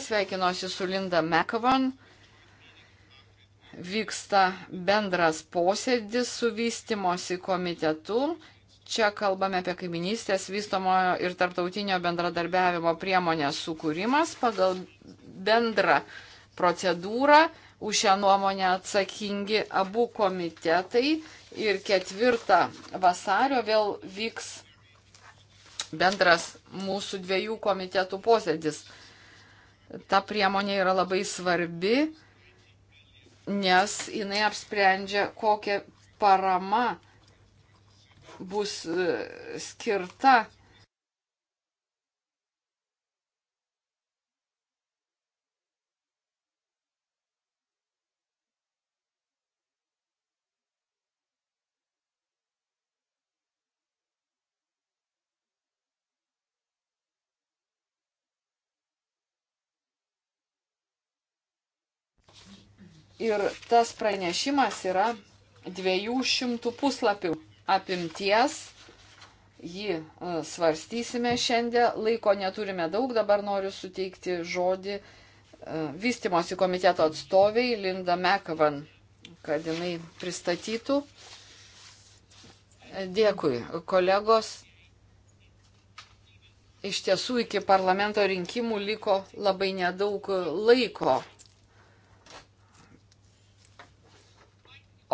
Sveikinuosi su Linda McAvon. Vyksta bendras posėdis su vystimosi komitetu. Čia kalbame apie kaiminystės vystomojo ir tarptautinio bendradarbiavimo priemonės sukūrimas pagal bendrą procedūrą. Už šią nuomonę atsakingi abu komitetai ir ketvirtą vasario vėl vyks bendras mūsų dviejų komitetų posėdis ta priemonė yra labai svarbi, nes jinai apsprendžia, kokia parama bus e, skirta Ir tas pranešimas yra 200 puslapių apimties. Jį e, svarstysime šiandien. Laiko neturime daug. Dabar noriu suteikti žodį e, vystimosi komiteto atstoviai Linda Mekavan, kad jinai pristatytų. Dėkui, kolegos. Iš tiesų iki parlamento rinkimų liko labai nedaug laiko.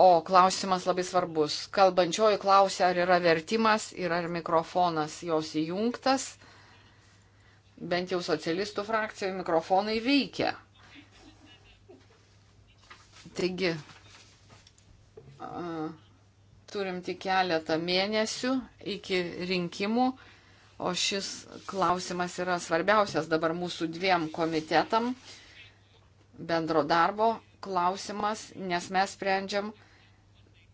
O klausimas labai svarbus. Kalbančioji klausia, ar yra vertimas ir ar mikrofonas jos įjungtas. Bent jau socialistų frakcijoje mikrofonai veikia. Taigi, turim tik keletą mėnesių iki rinkimų, o šis klausimas yra svarbiausias dabar mūsų dviem komitetam bendro darbo klausimas, nes mes sprendžiam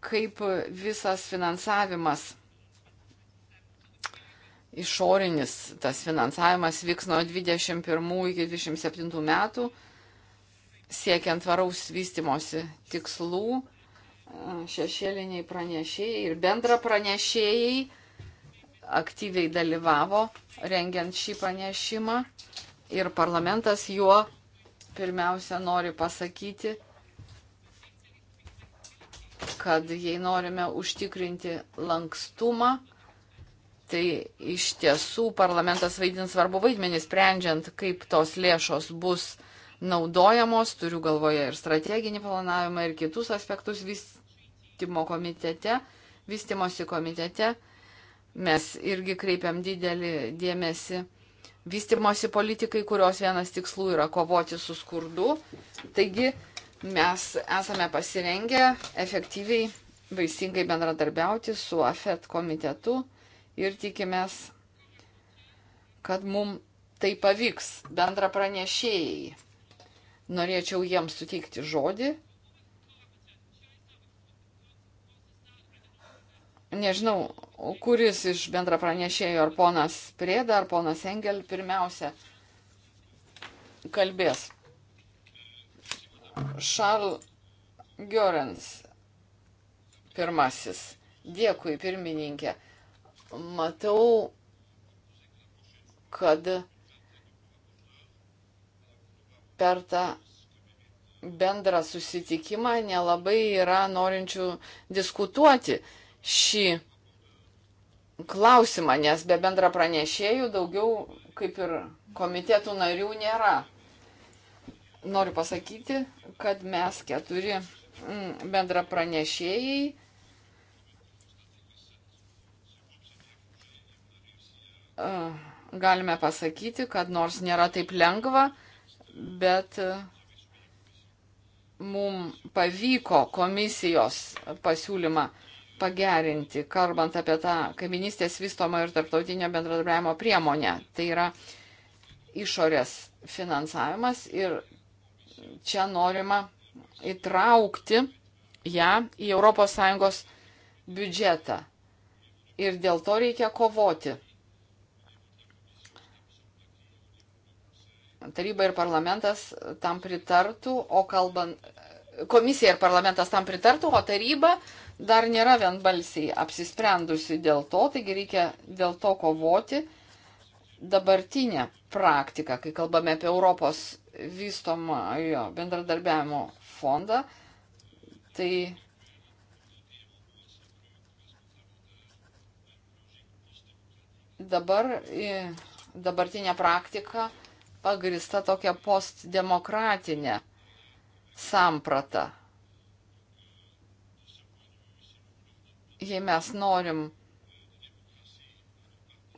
kaip visas finansavimas, išorinis tas finansavimas vyks nuo 21 iki 27 metų, siekiant tvaraus vystimosi tikslų, šešėliniai pranešėjai ir bendra pranešėjai aktyviai dalyvavo rengiant šį pranešimą ir parlamentas juo pirmiausia nori pasakyti, kad jei norime užtikrinti lankstumą, tai iš tiesų parlamentas vaidins svarbu vaidmenį sprendžiant, kaip tos lėšos bus naudojamos, turiu galvoje ir strateginį planavimą, ir kitus aspektus vystimo komitete, vystimosi komitete. Mes irgi kreipiam didelį dėmesį vystimosi politikai, kurios vienas tikslų yra kovoti su skurdu. Taigi Mes esame pasirengę efektyviai, vaisingai bendradarbiauti su AFET komitetu ir tikimės, kad mums tai pavyks bendra pranešėjai. Norėčiau jiems suteikti žodį. nežinau, kuris iš bendra pranešėjų, ar ponas Prėda, ar ponas Engel pirmiausia kalbės. Šarl Giorens pirmasis. Dėkui, pirmininkė. Matau, kad per tą bendrą susitikimą nelabai yra norinčių diskutuoti šį klausimą, nes be bendra pranešėjų daugiau kaip ir komitetų narių nėra. Noriu pasakyti, kad mes keturi mm, bendra pranešėjai galime pasakyti, kad nors nėra taip lengva, bet mums pavyko komisijos pasiūlymą pagerinti, kalbant apie tą kaiminystės vystomą ir tarptautinio bendradarbiavimo priemonę. Tai yra išorės finansavimas ir čia norima įtraukti ją į ES biudžetą. Ir dėl to reikia kovoti. Taryba ir parlamentas tam pritartų, o kalbant, komisija ir parlamentas tam pritartų, o taryba dar nėra vienbalsiai apsisprendusi dėl to, taigi reikia dėl to kovoti. Dabartinė praktika, kai kalbame apie Europos vystomojo bendradarbiavimo fondą, tai dabar dabartinė praktika pagrista tokia postdemokratinė samprata. Jei mes norim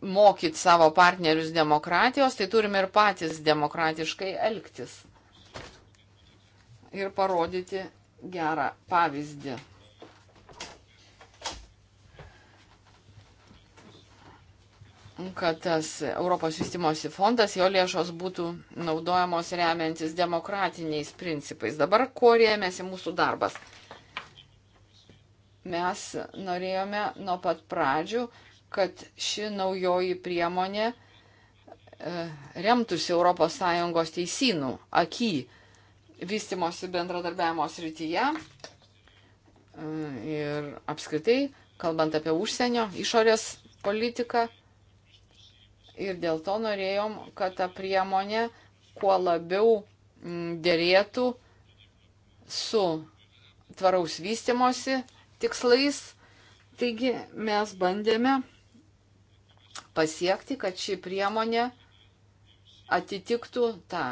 mokyti savo partnerius demokratijos, tai turime ir patys demokratiškai elgtis. Ir parodyti gerą pavyzdį. kad tas Europos vystimosi fondas, jo lėšos būtų naudojamos remiantis demokratiniais principais. Dabar kuo rėmėsi mūsų darbas? Mes norėjome nuo pat pradžių uh, kad ši naujoji priemonė e, remtųsi ES teisynų akį vystimosi bendradarbiavimo srityje e, ir apskritai, kalbant apie užsienio išorės politiką. Ir dėl to norėjom, kad ta priemonė kuo labiau mm, dėrėtų su tvaraus vystimosi tikslais. Taigi mes bandėme pasiekti, kad ši priemonė atitiktų tą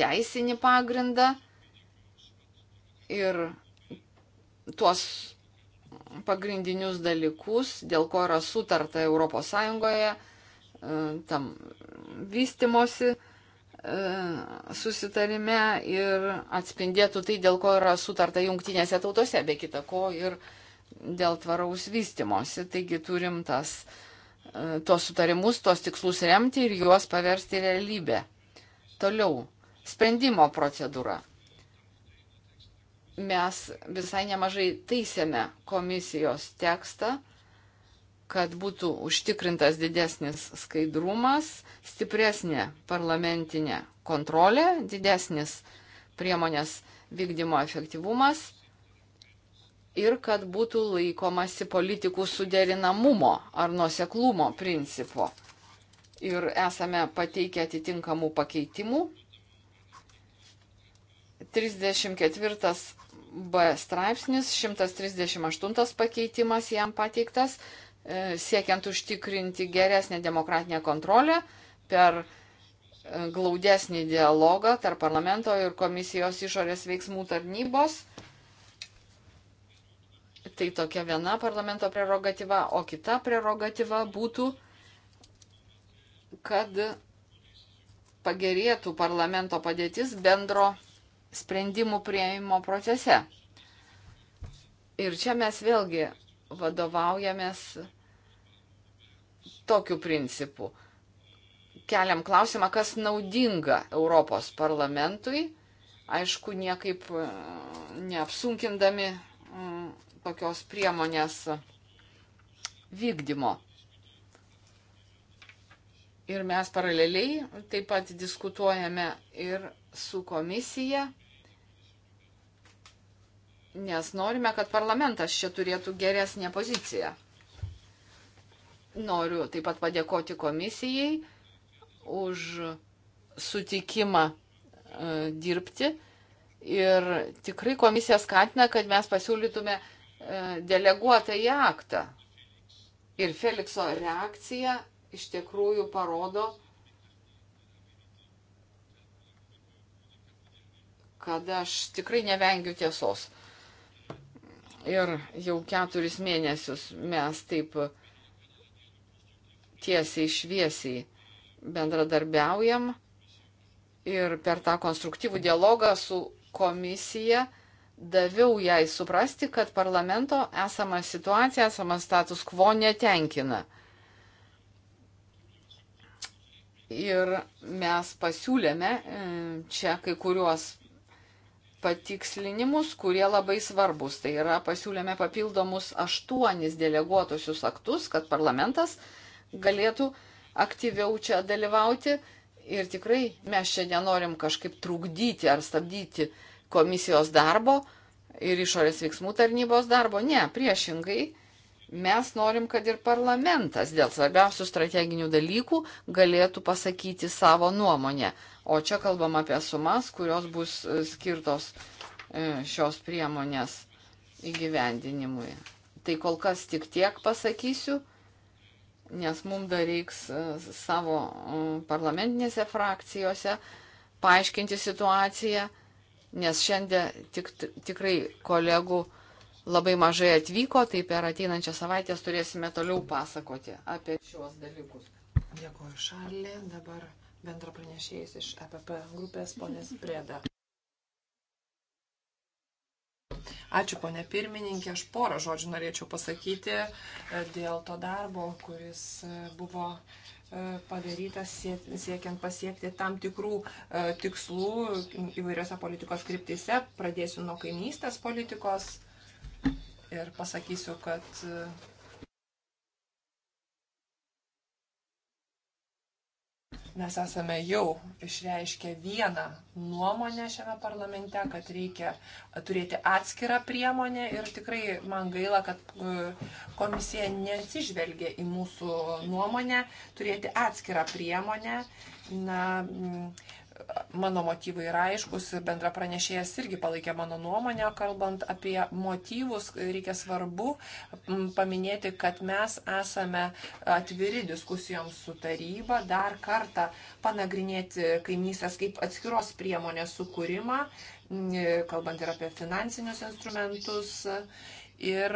teisinį pagrindą ir tuos pagrindinius dalykus, dėl ko yra sutarta ES e, tam vystimosi e, susitarime ir atspindėtų tai, dėl ko yra sutarta jungtinėse tautose, be kita ko ir dėl tvaraus vystimosi. Taigi turim tas uh, tuos sutarimus, tuos tikslus remti ir juos paversti realybę. Toliau, sprendimo procedūra. Mes visai nemažai taisėme komisijos tekstą, kad būtų užtikrintas didesnis skaidrumas, stipresnė parlamentinė kontrolė, didesnis priemonės vykdymo efektyvumas ir kad būtų laikomasi politikų suderinamumo ar nuoseklumo principo. Ir esame pateikę atitinkamų pakeitimų. 34 B straipsnis, 138 pakeitimas jam pateiktas, e, siekiant užtikrinti geresnę demokratinę kontrolę per e, glaudesnį dialogą tarp parlamento ir komisijos išorės veiksmų tarnybos Tai tokia viena parlamento prerogatyva, o kita prerogatyva būtų, kad pagerėtų parlamento padėtis bendro sprendimų prieimimo procese. Ir čia mes vėlgi vadovaujamės tokiu principu. Keliam klausimą, kas naudinga Europos parlamentui, aišku, niekaip e, neapsunkindami tokios priemonės vykdymo. Ir mes paraleliai taip pat diskutuojame ir su komisija, nes norime, kad parlamentas čia turėtų geresnę poziciją. Noriu taip pat padėkoti komisijai už sutikimą e, dirbti. Ir tikrai komisija skatina, kad mes pasiūlytume deleguotą į aktą. Ir Felikso reakcija iš tikrųjų parodo, kad aš tikrai nevengiu tiesos. Ir jau keturis mėnesius mes taip tiesiai šviesiai bendradarbiaujam ir per tą konstruktyvų dialogą su komisija daviau jai suprasti, kad parlamento esama situacija, esama status quo netenkina. Ir mes pasiūlėme e, čia kai kuriuos patikslinimus, kurie labai svarbus. Tai yra pasiūlėme papildomus aštuonis deleguotusius aktus, kad parlamentas galėtų aktyviau čia dalyvauti. Ir tikrai mes čia nenorim kažkaip trukdyti ar stabdyti uh, komisijos darbo ir išorės veiksmų tarnybos darbo. Ne, priešingai, mes norim, kad ir parlamentas dėl svarbiausių strateginių dalykų galėtų pasakyti savo nuomonę. O čia kalbam apie sumas, kurios bus e, skirtos e, šios priemonės įgyvendinimui. Tai kol kas tik tiek pasakysiu, nes mums dar reiks e, savo parlamentinėse frakcijose paaiškinti situaciją nes šiandien tik, tikrai kolegų labai mažai atvyko, tai per ateinančią savaitę turėsime toliau pasakoti apie šios dalykus. Dėkuoju, Šarlė. Dabar bendra pranešėjas iš EPP grupės ponės Prėda. Ačiū, ponė pirmininkė. Aš porą žodžių norėčiau pasakyti e, dėl to darbo, kuris e, buvo E, padarytas siekiant pasiekti tam tikrų e, tikslų įvairiose politikos kryptise. Pradėsiu nuo kaimynystės politikos ir pasakysiu, kad Mes esame jau išreiškę vieną nuomonę šiame parlamente, kad reikia turėti atskirą priemonę ir tikrai man gaila, kad e, komisija neatsižvelgia į mūsų nuomonę turėti atskirą priemonę. Na, mm, mano motyvai yra aiškus, bendra pranešėjas irgi palaikė mano nuomonę, kalbant apie motyvus, reikia svarbu paminėti, kad mes esame atviri diskusijoms su taryba, dar kartą panagrinėti kaimynystės kaip atskiros priemonės sukūrimą, kalbant ir apie finansinius instrumentus. Ir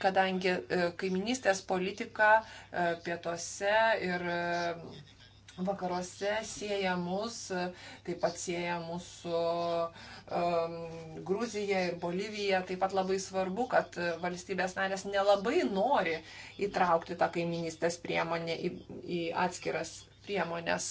kadangi e, kaiminystės politika e, pietuose ir vakaruose sieja mus, taip pat sieja mūsų um, Gruzija ir Bolivija. Taip pat labai svarbu, kad valstybės narės nelabai nori įtraukti tą kaiminystės priemonę į, į atskiras priemonės.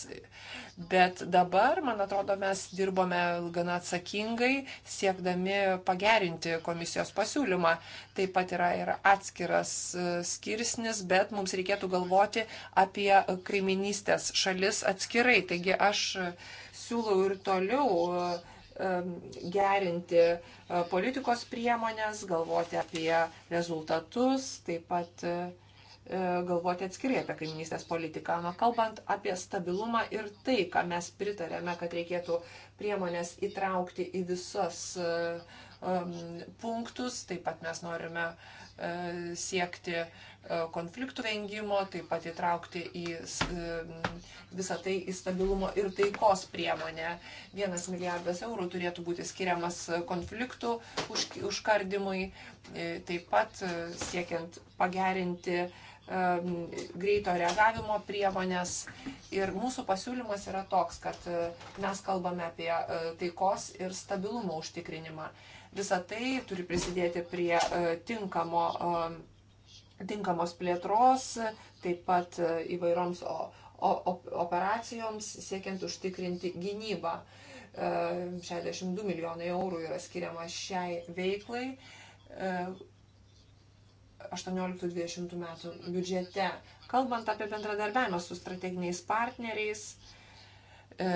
Bet dabar, man atrodo, mes dirbome gana atsakingai, siekdami pagerinti komisijos pasiūlymą. Taip pat yra ir atskiras e, skirsnis, bet mums reikėtų galvoti apie kaiminystės šalis atskirai. Taigi aš e, siūlau ir toliau e, gerinti politikos priemonės, galvoti apie rezultatus, taip pat E, galvoti atskirai apie kaiminystės politiką. Na, kalbant apie stabilumą ir tai, ką mes pritarėme, kad reikėtų priemonės įtraukti į visus um, punktus, taip pat mes norime uh, siekti uh, konfliktų vengimo, taip pat įtraukti į uh, visą tai į stabilumo ir taikos priemonę. Vienas milijardas eurų turėtų būti skiriamas konfliktų už, užkardimui, taip pat siekiant pagerinti uh, greito reagavimo priemonės. Ir mūsų pasiūlymas yra toks, kad e, mes kalbame apie e, taikos ir stabilumo užtikrinimą. Visa tai turi prisidėti prie e, tinkamo, tinkamos plėtros, taip pat įvairioms operacijoms siekiant užtikrinti gynybą. 62 milijonai eurų yra skiriama šiai veiklai 18-20 metų biudžete. Kalbant apie bendradarbiavimą su strateginiais partneriais, e,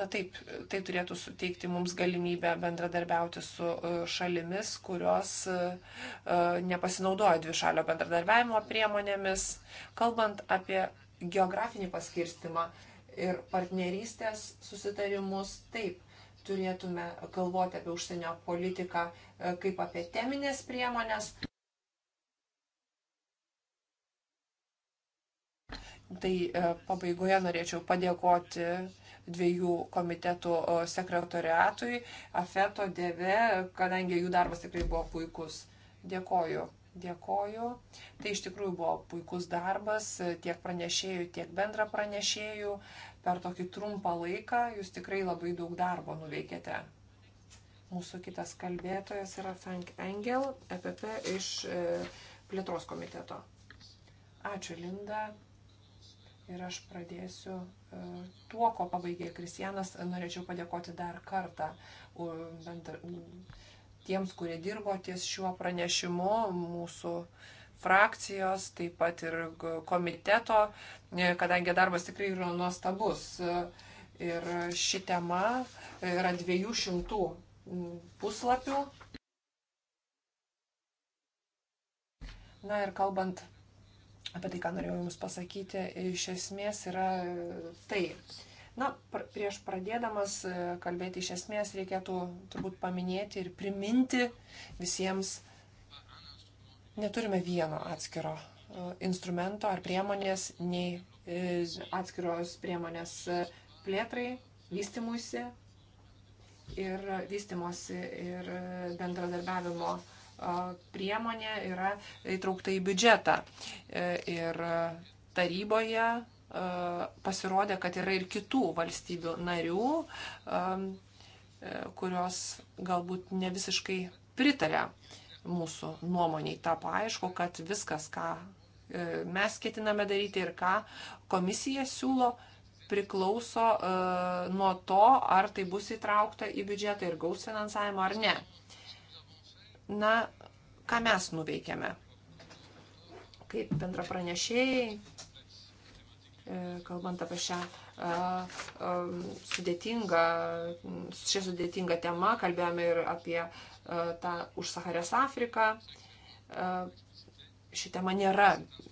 na taip, tai turėtų suteikti mums galimybę bendradarbiauti su e, šalimis, kurios e, nepasinaudoja dvišalio bendradarbiavimo priemonėmis. Kalbant apie geografinį paskirstimą ir partnerystės susitarimus, taip, turėtume galvoti apie užsienio politiką e, kaip apie teminės priemonės. Tai e, pabaigoje norėčiau padėkoti dviejų komitetų sekretoriatui, Afeto Deve, kadangi jų darbas tikrai buvo puikus. Dėkoju. Dėkoju. Tai iš tikrųjų buvo puikus darbas e, tiek pranešėjų, tiek bendra pranešėjų. Uh, per tokį trumpą laiką jūs tikrai labai daug darbo nuveikėte. Mūsų kitas kalbėtojas yra Frank Engel, EPP iš e, plėtros komiteto. Ačiū, Linda. Ir aš pradėsiu e, tuo, ko pabaigė Kristianas. Norėčiau padėkoti dar kartą bendra, tiems, kurie dirbo ties šiuo pranešimu mūsų uh, frakcijos, taip pat ir komiteto, e, kadangi darbas tikrai yra nuostabus. E, ir ši tema e, yra 200 puslapių. Na ir kalbant apie tai, ką norėjau Jums pasakyti, iš esmės yra tai. Na, pr prieš pradėdamas kalbėti iš esmės reikėtų turbūt paminėti ir priminti visiems neturime vieno atskiro e, instrumento ar priemonės, nei e, atskiros priemonės e, plėtrai, vystimuisi ir vystimosi ir bendradarbiavimo priemonė yra įtraukta į biudžetą. Ir taryboje pasirodė, kad yra ir kitų valstybių narių, kurios galbūt ne visiškai pritarė mūsų nuomoniai tapo aišku, kad viskas, ką e, mes ketiname daryti ir ką komisija siūlo, priklauso e, nuo to, ar tai bus įtraukta į biudžetą ir gaus finansavimą ar ne. Na, ką mes nuveikėme? Kaip bendra pranešėjai, e, kalbant apie šią sudėtingą, šią sudėtingą temą, kalbėjome ir apie E, tą užsaharės Afriką. E, ši tema nėra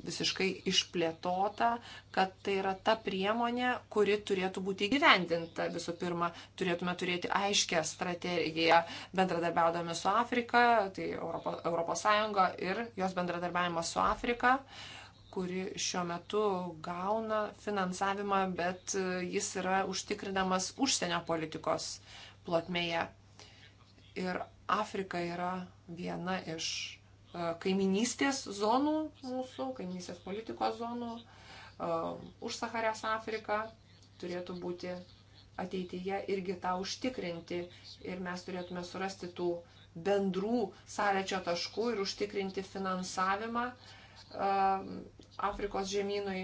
visiškai išplėtota, kad tai yra ta priemonė, kuri turėtų būti įgyvendinta. Visų pirma, turėtume turėti aiškę strategiją bendradarbiaudami su Afrika, tai Europos, Europos Sąjunga ir jos bendradarbiavimas su Afrika kuri šiuo metu gauna finansavimą, bet e, jis yra užtikrinamas užsienio politikos plotmėje. Ir Afrika yra viena iš e, kaiminystės zonų mūsų, kaiminystės politikos zonų. E, už Saharės Afriką turėtų būti ateityje irgi tą užtikrinti ir mes turėtume surasti tų bendrų sąlyčio taškų ir užtikrinti finansavimą e, Afrikos žemynui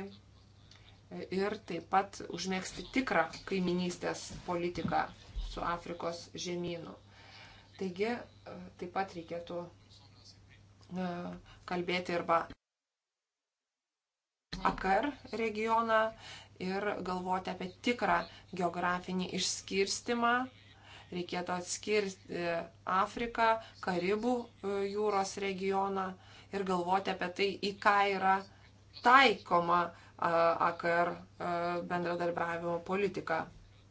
ir taip pat užmėgsti tikrą kaiminystės politiką su Afrikos žemynu. Taigi e, taip pat reikėtų e, kalbėti arba AKR regioną ir galvoti apie tikrą geografinį išskirstimą. Reikėtų atskirti Afriką, Karibų e, jūros regioną ir galvoti apie tai, į ką yra taikoma AKR bendradarbiavimo politika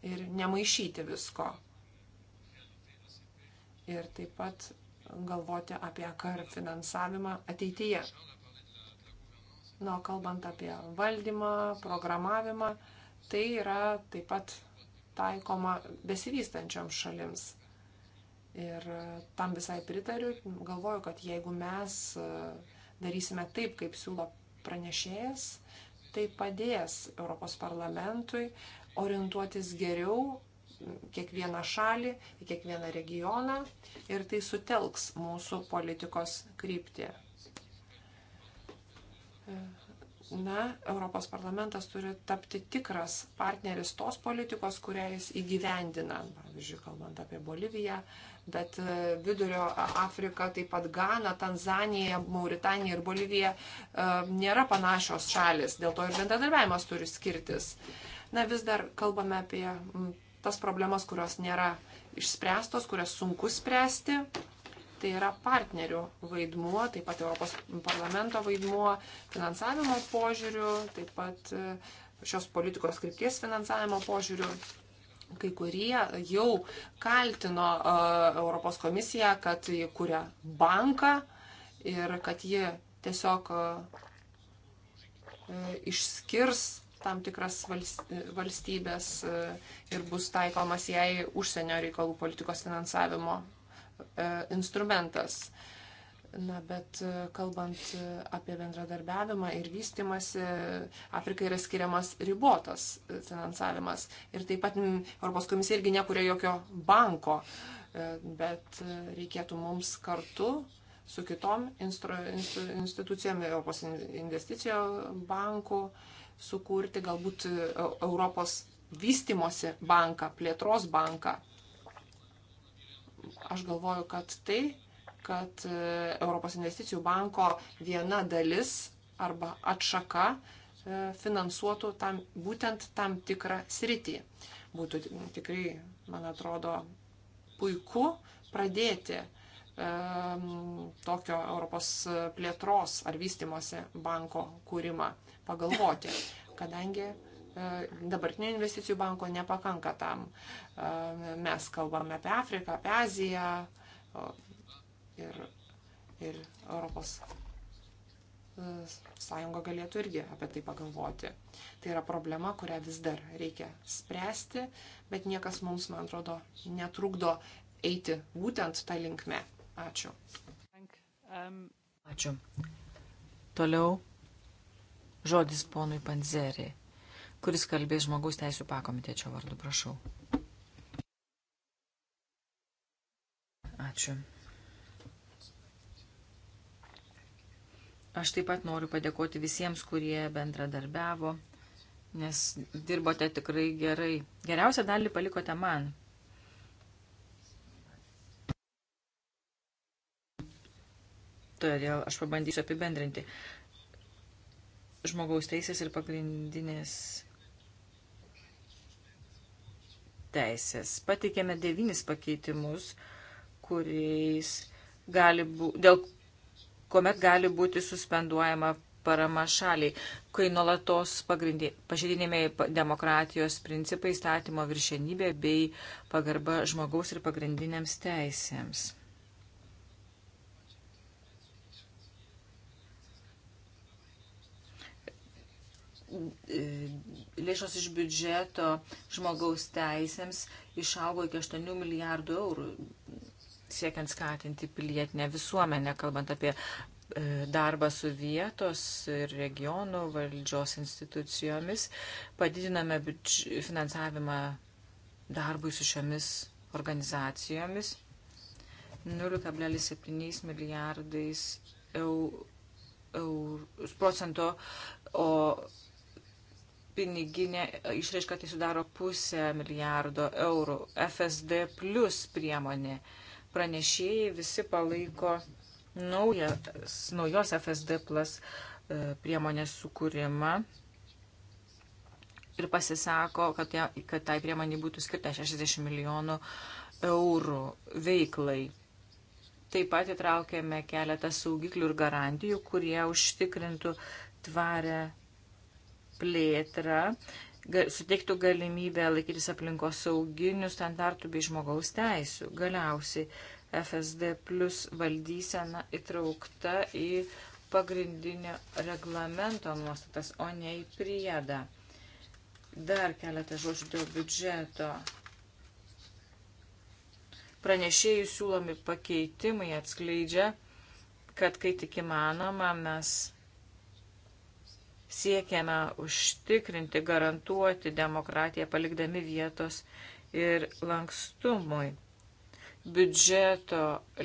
ir nemaišyti visko ir taip pat galvoti apie kar finansavimą ateityje. Na, kalbant apie valdymą, programavimą, tai yra taip pat taikoma besivystančiom šalims. Ir tam visai pritariu, galvoju, kad jeigu mes e, darysime taip, kaip siūlo pranešėjas, tai padės Europos parlamentui orientuotis geriau kiekvieną šalį, į kiekvieną regioną ir tai sutelks mūsų politikos kryptį. Na, Europos parlamentas turi tapti tikras partneris tos politikos, kurią jis įgyvendina, pavyzdžiui, kalbant apie Boliviją, bet e, Vidurio Afrika, taip pat Gana, Tanzanija, Mauritanija ir Bolivija e, nėra panašios šalis, dėl to ir bendradarbiavimas turi skirtis. Na, vis dar kalbame apie tas problemas, kurios nėra išspręstos, kurias sunku spręsti. Tai yra partnerių vaidmuo, taip pat Europos parlamento vaidmuo, finansavimo požiūrių, taip pat e, šios politikos krypties finansavimo požiūrių kai kurie jau kaltino uh, Europos komisiją, kad jį kuria banką ir kad ji tiesiog uh, išskirs tam tikras valstybės e, ir bus taikomas jai užsienio reikalų politikos finansavimo e, instrumentas. Na, bet e, kalbant apie bendradarbiavimą ir vystimasi, Afrikai yra skiriamas ribotas finansavimas. Ir taip pat Europos komisija irgi nekuria jokio banko, bet reikėtų mums kartu su kitom instru, instru, institucijom, Europos investicijo banku sukurti galbūt e, e, Europos vystimosi banką, plėtros banką. Aš galvoju, kad tai, kad e, Europos investicijų banko viena dalis arba atšaka finansuotų tam, būtent tam tikrą sritį. Būtų tikrai, man atrodo, puiku pradėti uh, tokio Europos plėtros ar vystimosi banko kūrimą pagalvoti, kadangi e, dabartinio investicijų banko nepakanka tam. E, mes kalbame apie Afriką, apie Aziją ir, ir Europos e, sąjunga galėtų irgi apie tai pagalvoti. Tai yra problema, kurią vis dar reikia spręsti, bet niekas mums, man atrodo, netrukdo eiti būtent tą linkmę. Ačiū. Ačiū. Toliau žodis ponui Panzerį, kuris kalbės žmogaus teisų pakomitečio vardu, prašau. Ačiū. Aš taip pat noriu padėkoti visiems, kurie bendradarbiavo, nes dirbote tikrai gerai. Geriausią dalį palikote man. todėl aš pabandysiu apibendrinti. Žmogaus teisės ir pagrindinės teisės. Pateikėme devynis pakeitimus, kuriais gali būti, dėl kuomet gali būti suspenduojama parama šaliai, kai nuolatos pažydinėjami demokratijos principai, statymo viršenybė bei pagarba žmogaus ir pagrindiniams teisėms. E, lėšos iš biudžeto žmogaus teisėms išaugo iki 8 milijardų eurų, siekiant skatinti pilietinę visuomenę, kalbant apie e, darbą su vietos ir regionų valdžios institucijomis, padidiname finansavimą darbui su šiomis organizacijomis 0,7 milijardais eurų, eurų procento, o piniginė išraiška tai sudaro pusę milijardo eurų. FSD plus priemonė. Pranešėjai visi palaiko naujas, naujos FSD plus e, priemonės sukūrimą ir pasisako, kad, ja, kad tai priemonė būtų skirta 60 milijonų eurų veiklai. Taip pat įtraukėme keletą saugiklių ir garantijų, kurie užtikrintų tvarę plėtrą suteiktų galimybę laikytis aplinkos sauginių standartų bei žmogaus teisų. Galiausiai FSD plus valdysena įtraukta į pagrindinio reglamento nuostatas, o ne į priedą. Dar keletą žodžių dėl biudžeto. Pranešėjų siūlomi pakeitimai atskleidžia, kad kai tik įmanoma, mes Siekiame užtikrinti, garantuoti demokratiją, palikdami vietos ir lankstumui. Biudžeto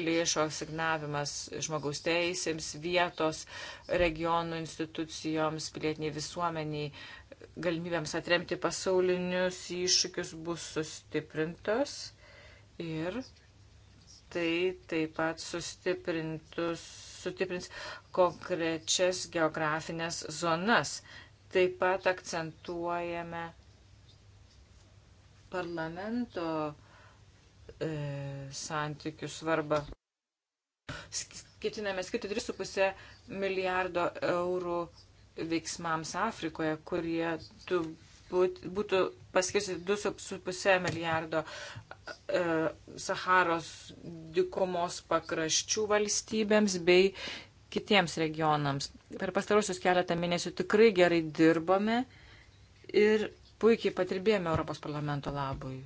lėšo asignavimas žmogaus teisėms, vietos regionų institucijoms, pilietiniai visuomeniai, galimybėms atremti pasaulinius iššūkius bus sustiprintos ir tai taip pat sustiprintus sutiprins konkrečias geografinės zonas. Taip pat akcentuojame parlamento e, santykių svarbą. Ketiname skirti 3,5 milijardo eurų veiksmams Afrikoje, kurie tu būtų paskirsti 2,5 milijardo e, Saharos dikumos pakraščių valstybėms bei kitiems regionams. Per pastarosius keletą mėnesių tikrai gerai dirbome ir puikiai patirbėjome Europos parlamento labui.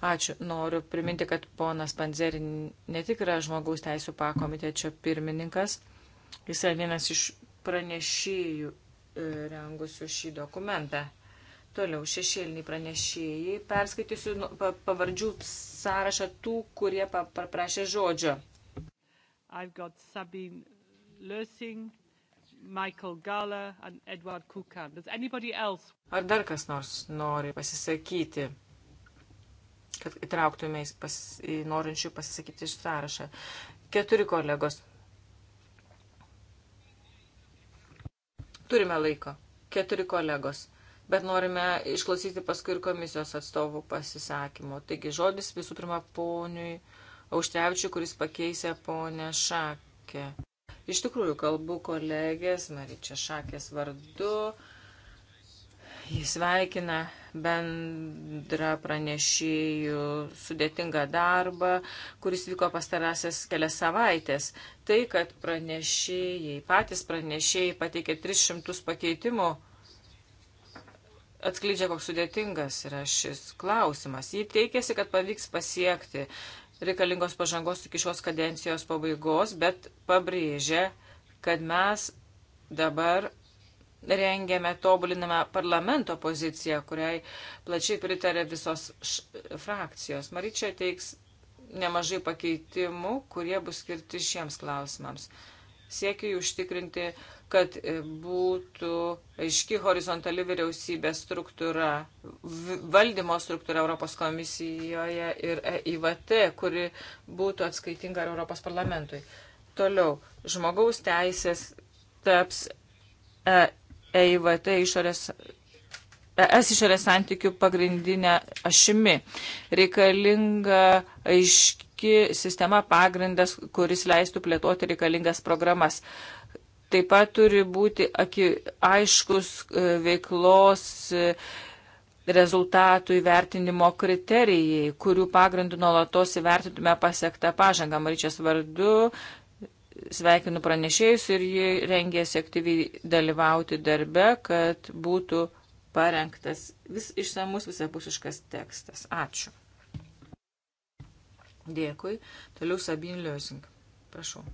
Ačiū. Noriu priminti, kad ponas Panzeri ne tik yra žmogaus teisų pakomitečio pirmininkas, jis yra vienas iš pranešėjų E, rengusių šį dokumentą. Toliau šešėliniai pranešėjai. Perskaitysiu nu, pavardžių sąrašą tų, kurie paprašė žodžio. I've got Sabine Lösing, Michael Gala and Edward Kukan. Does anybody else? Ar dar kas nors nori pasisakyti, kad įtrauktume į, pas, į norinčių pasisakyti iš sąrašą? Keturi kolegos. Turime laiko. Keturi kolegos. Bet norime išklausyti paskui ir komisijos atstovų pasisakymų. Taigi žodis visų pirma poniui Auštrevičiui, kuris pakeisė ponę Šakę. Iš tikrųjų, kalbu kolegės Maryčia Šakės vardu. Jis sveikina bendrą pranešėjų sudėtingą darbą, kuris vyko pastarąsias kelias savaitės. Tai, kad pranešėjai, patys pranešėjai pateikė 300 pakeitimų, atskleidžia, koks sudėtingas yra šis klausimas. Jį teikėsi, kad pavyks pasiekti reikalingos pažangos iki šios kadencijos pabaigos, bet pabrėžė, kad mes dabar rengėme, tobuliname parlamento poziciją, kuriai plačiai pritarė visos frakcijos. Maryčia teiks nemažai pakeitimų, kurie bus skirti šiems klausimams. Siekiu užtikrinti, kad būtų aiški horizontali vyriausybės struktūra, valdymo struktūra Europos komisijoje ir EIVT, kuri būtų atskaitinga Europos parlamentui. Toliau, žmogaus teisės taps e EIVT išorės. Es išorės santykių pagrindinė ašimi. Reikalinga aiški sistema pagrindas, kuris leistų plėtoti reikalingas programas. Taip pat turi būti aki, aiškus e, veiklos e, rezultatų įvertinimo kriterijai, kurių pagrindų nuolatos įvertintume pasiektą pažangą. Maryčias vardu sveikinu pranešėjus ir jie rengėsi aktyviai dalyvauti darbe, kad būtų parengtas vis išsamus visapusiškas tekstas. Ačiū. Dėkui. Toliau Sabin Liosing. Prašau.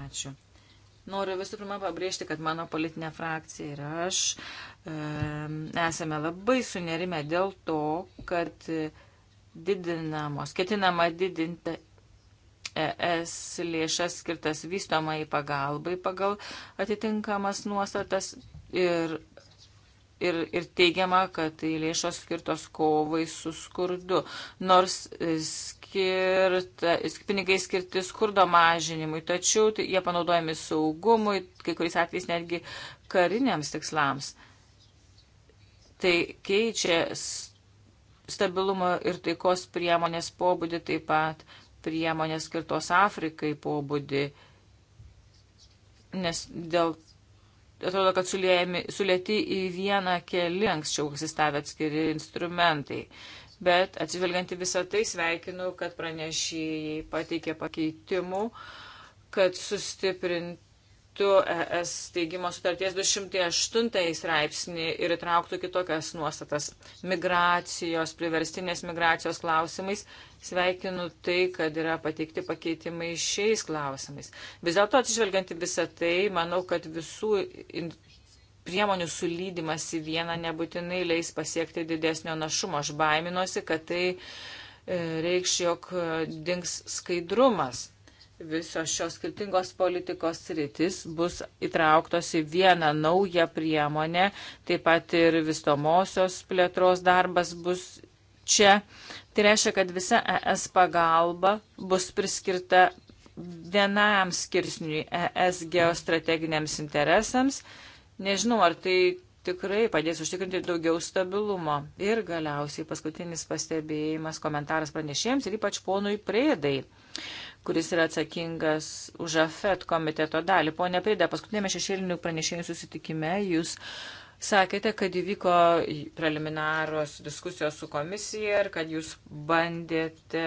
Ačiū. Noriu visų pirma pabrėžti, kad mano politinė frakcija ir aš e, esame labai sunerime dėl to, kad didinamos, ketinama didinti ES lėšas skirtas vystomai pagalbai pagal atitinkamas nuostatas ir ir, ir teigiama, kad tai lėšos skirtos kovai su skurdu, nors skirta, pinigai skirti skurdo mažinimui, tačiau tai jie panaudojami saugumui, kai kuriais atvejais netgi kariniams tikslams. Tai keičia stabilumo ir taikos priemonės pobūdį, taip pat priemonės skirtos Afrikai pobūdį, nes dėl atrodo, kad sulėjami, sulėti į vieną keli anksčiau egzistavę atskiri instrumentai. Bet atsižvelgiant į visą tai, sveikinu, kad pranešėjai pateikė pakeitimų, kad sustiprintų ES teigimo sutarties 208 straipsnį ir įtrauktų kitokias nuostatas migracijos, priverstinės migracijos klausimais Sveikinu tai, kad yra pateikti pakeitimai šiais klausimais. Vis dėlto atsižvelgiant į visą tai, manau, kad visų priemonių sulydimas į vieną nebūtinai leis pasiekti didesnio našumo. Aš baiminuosi, kad tai e, reikš, jog e, dings skaidrumas. Visos šios skirtingos politikos sritis bus įtrauktos į vieną naują priemonę, taip pat ir visomosios plėtros darbas bus čia. Tai reiškia, kad visa ES pagalba bus priskirta vienam skirsniui ES geostrateginiams interesams. Nežinau, ar tai tikrai padės užtikrinti daugiau stabilumo. Ir galiausiai paskutinis pastebėjimas, komentaras pranešėjams ir ypač ponui Prėdai kuris yra atsakingas už AFET komiteto dalį. Pone Prėda, paskutinėme šešėlinių pranešėjų susitikime jūs uh, Sakėte, kad įvyko preliminaros diskusijos su komisija ir kad jūs bandėte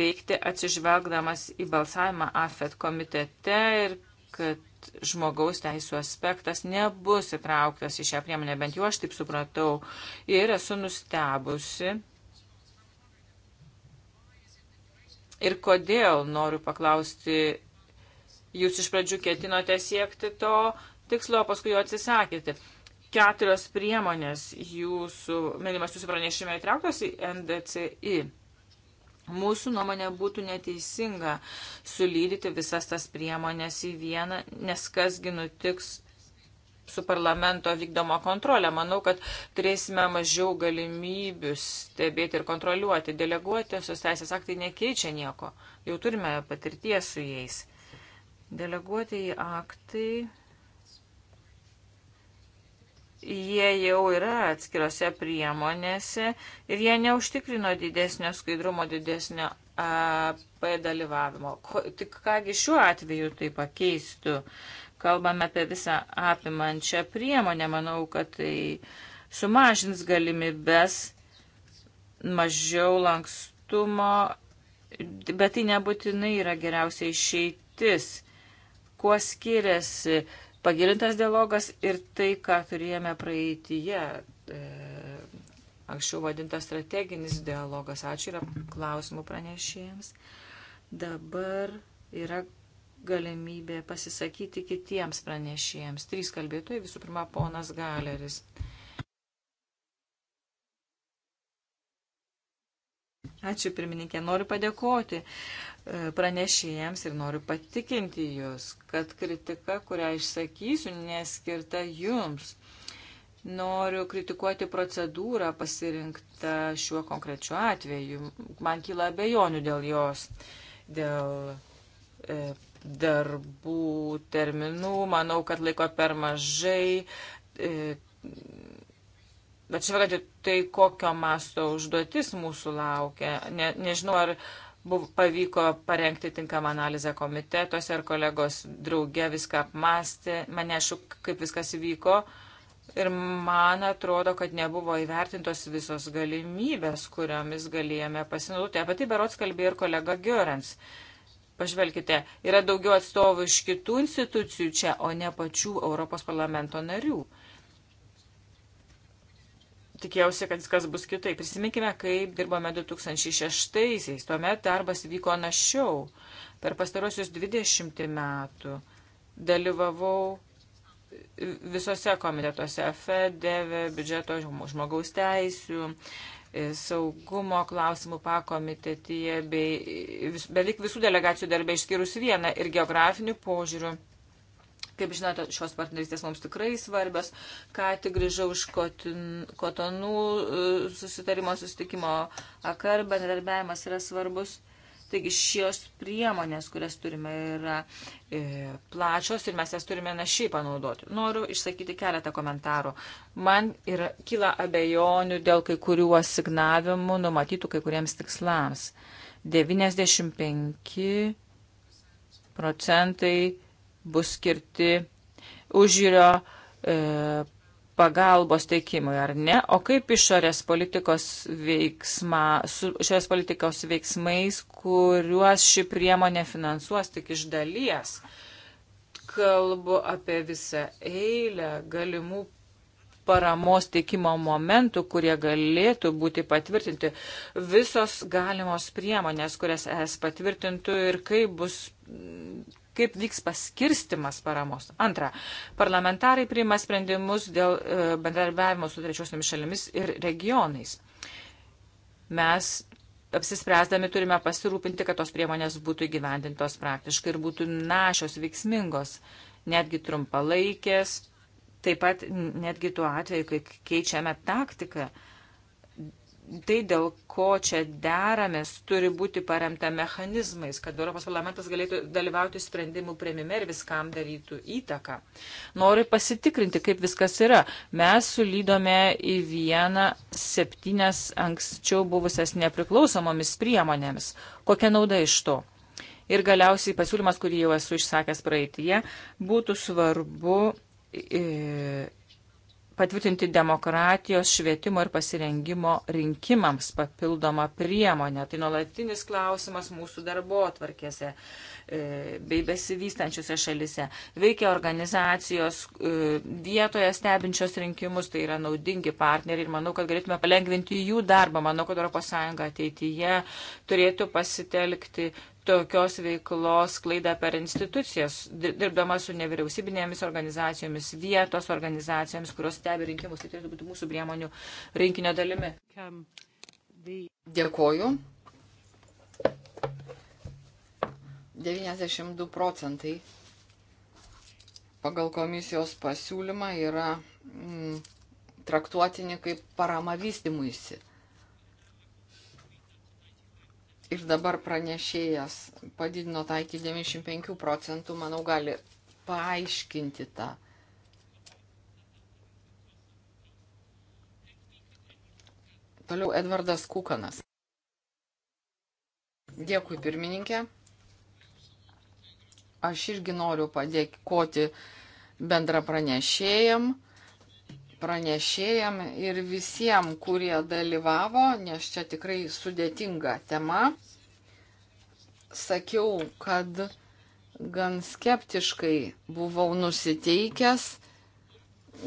veikti atsižvelgdamas į balsavimą AFET komitete ir kad žmogaus teisų aspektas nebus įtrauktas į šią priemonę, bent jau aš taip supratau ir esu nustebusi. Ir kodėl noriu paklausti, jūs iš pradžių ketinote siekti to, tikslo, paskui jo atsisakėte. Keturios priemonės jūsų, mėlymas jūsų pranešime įtrauktos į NDCI. Mūsų nuomonė būtų neteisinga sulydyti visas tas priemonės į vieną, nes kasgi nutiks su parlamento vykdoma kontrolė. Manau, kad turėsime mažiau galimybių stebėti ir kontroliuoti. Deleguotėsios teisės aktai nekeičia nieko. Jau turime patirties su jais. Deleguotieji aktai jie jau yra atskirose priemonėse ir jie neužtikrino didesnio skaidrumo, didesnio AP dalyvavimo. Ko, tik kągi šiuo atveju tai pakeistų. Kalbame apie visą apimančią priemonę. Manau, kad tai sumažins galimybės mažiau lankstumo, bet tai nebūtinai yra geriausia išeitis. Kuo skiriasi pagilintas dialogas ir tai, ką turėjome praeitįje, e, anksčiau vadintas strateginis dialogas. Ačiū yra klausimų pranešėjams. Dabar yra galimybė pasisakyti kitiems pranešėjams. Trys kalbėtojai, visų pirma, ponas Galeris. Ačiū pirmininkė, noriu padėkoti pranešėjams ir noriu patikinti jūs, kad kritika, kurią išsakysiu, neskirta jums. Noriu kritikuoti procedūrą pasirinktą šiuo konkrečiu atveju. Man kyla abejonių dėl jos, dėl e, darbų terminų. Manau, kad laiko per mažai. E, Bet šiandien tai kokio masto užduotis mūsų laukia. Ne, nežinau, ar Buvo, pavyko parengti tinkamą analizę komitetuose ir kolegos drauge viską apmastė. Mane šu, kaip viskas įvyko. Ir man atrodo, kad nebuvo įvertintos visos galimybės, kuriomis galėjome pasinaudoti. Apie tai berots kalbėjo ir kolega Giorans. Pažvelkite, yra daugiau atstovų iš kitų institucijų čia, o ne pačių Europos parlamento narių tikėjausi, kad viskas bus kitaip. Prisiminkime, kaip dirbome 2006-aisiais. Tuomet darbas vyko našiau. Per pastarosius 20 metų dalyvavau visose komitetuose FEDEVE, e biudžeto žmogaus teisių, saugumo klausimų pakomitetyje bei vis, beveik visų delegacijų darbė išskyrus vieną ir geografinių požiūrių Kaip žinote, šios partnerystės mums tikrai svarbios. Ką tik grįžau iš kotonų e, susitarimo sustikimo akar, bendradarbiavimas yra svarbus. Taigi šios priemonės, kurias turime, yra e, plačios ir mes jas turime našiai panaudoti. Noriu išsakyti keletą komentarų. Man yra, kyla abejonių dėl kai kurių asignavimų numatytų kai kuriems tikslams. 95 procentai bus skirti užjūrio e, pagalbos teikimui, ar ne? O kaip išorės politikos, veiksma, su, išorės politikos veiksmais, kuriuos ši priemonė finansuos tik iš dalies? Kalbu apie visą eilę galimų paramos teikimo momentų, kurie galėtų būti patvirtinti. Visos galimos priemonės, kurias es patvirtintų ir kaip bus kaip vyks paskirstimas paramos. Antra, parlamentarai priima sprendimus dėl e, bendradarbiavimo su trečiosiamis šalimis ir regionais. Mes apsispręsdami turime pasirūpinti, kad tos priemonės būtų įgyvendintos praktiškai ir būtų našios veiksmingos, netgi trumpalaikės, taip pat netgi tuo atveju, kai keičiame taktiką tai, dėl ko čia deramės, turi būti paremta mechanizmais, kad Europos parlamentas galėtų dalyvauti sprendimų prieimime ir viskam darytų įtaką. Noriu pasitikrinti, kaip viskas yra. Mes sulydome į vieną septynes anksčiau buvusias nepriklausomomis priemonėmis. Kokia nauda iš to? Ir galiausiai pasiūlymas, kurį jau esu išsakęs praeitie, būtų svarbu e, patvirtinti demokratijos švietimo ir pasirengimo rinkimams papildomą priemonę. Tai nuolatinis klausimas mūsų darbo atvarkėse e, bei besivystančiose šalise. Veikia organizacijos e, vietoje stebinčios rinkimus, tai yra naudingi partneriai ir manau, kad galėtume palengvinti jų darbą. Manau, kad ES ateityje turėtų pasitelkti tokios veiklos klaidą per institucijas, dirbdama su nevyriausybinėmis organizacijomis, vietos organizacijomis, kurios stebi rinkimus. Tai turėtų būti mūsų priemonių rinkinio dalimi. Dėkoju. 92 procentai pagal komisijos pasiūlymą yra mm, traktuotini kaip parama vystimuisi ir dabar pranešėjas padidino tą iki 95 procentų, manau, gali paaiškinti tą. Toliau Edvardas Kukanas. Dėkui pirmininkė. Aš irgi noriu padėkoti bendra pranešėjam pranešėjam ir visiems, kurie dalyvavo, nes čia tikrai sudėtinga tema. Sakiau, kad gan skeptiškai buvau nusiteikęs,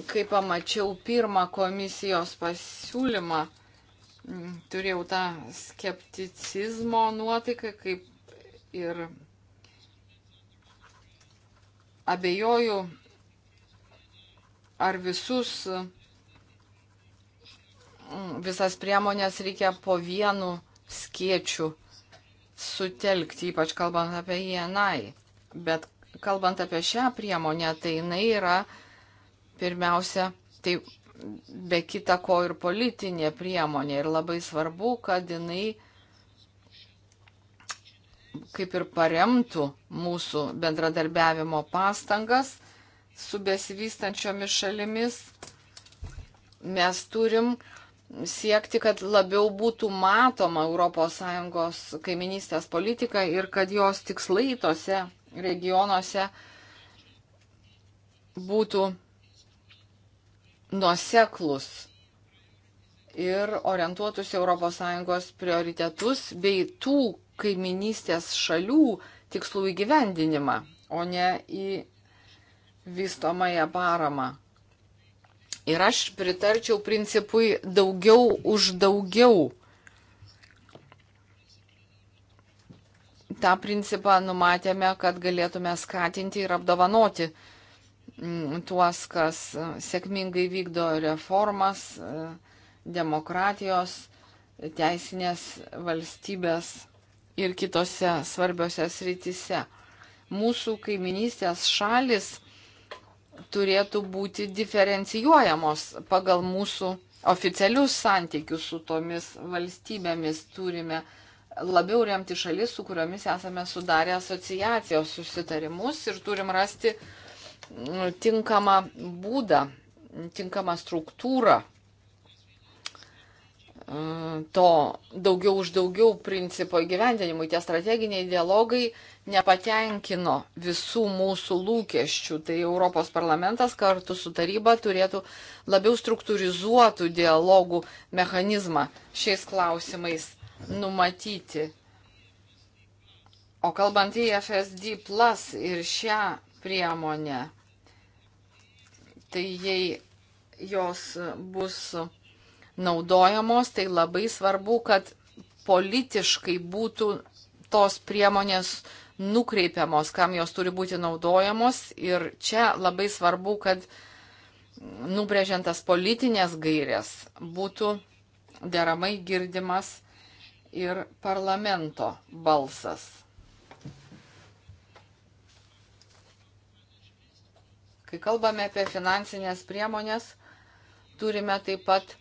kai pamačiau pirmą komisijos pasiūlymą, turėjau tą skepticizmo nuotaiką, kaip ir abejoju ar visus, mm, visas priemonės reikia po vienu skiečiu sutelkti, ypač kalbant apie INI. E Bet kalbant apie šią priemonę, tai jinai yra pirmiausia, tai be kita ko ir politinė priemonė. Ir labai svarbu, kad jinai kaip ir paremtų mūsų bendradarbiavimo pastangas su besivystančiomis šalimis. Mes turim siekti, kad labiau būtų matoma ES kaiminystės politika ir kad jos tikslai tose regionuose būtų nuoseklus ir orientuotus ES prioritetus bei tų kaiminystės šalių tikslų įgyvendinimą, o ne į vystomąją paramą. Ir aš pritarčiau principui daugiau už daugiau. tą principą numatėme, kad galėtume skatinti ir apdovanoti mm, tuos, kas e, sėkmingai vykdo reformas, e, demokratijos, teisinės valstybės ir kitose svarbiose srityse. Mūsų kaiminystės šalis turėtų būti diferencijuojamos pagal mūsų oficialius santykius su tomis valstybėmis. Turime labiau remti šalis, su kuriomis esame sudarę asociacijos susitarimus ir turim rasti mm, tinkamą būdą, tinkamą struktūrą Mm, to daugiau už daugiau principo įgyvendinimui. Tie strateginiai dialogai nepatenkino visų mūsų lūkesčių. Tai Europos parlamentas kartu su taryba turėtų labiau struktūrizuotų dialogų mechanizmą šiais klausimais numatyti. O kalbant į FSD plus ir šią priemonę, tai jei jos bus naudojamos, tai labai svarbu, kad politiškai būtų tos priemonės nukreipiamos, kam jos turi būti naudojamos. Ir čia labai svarbu, kad nubrėžiantas politinės gairės būtų deramai girdimas ir parlamento balsas. Kai kalbame apie finansinės priemonės, turime taip pat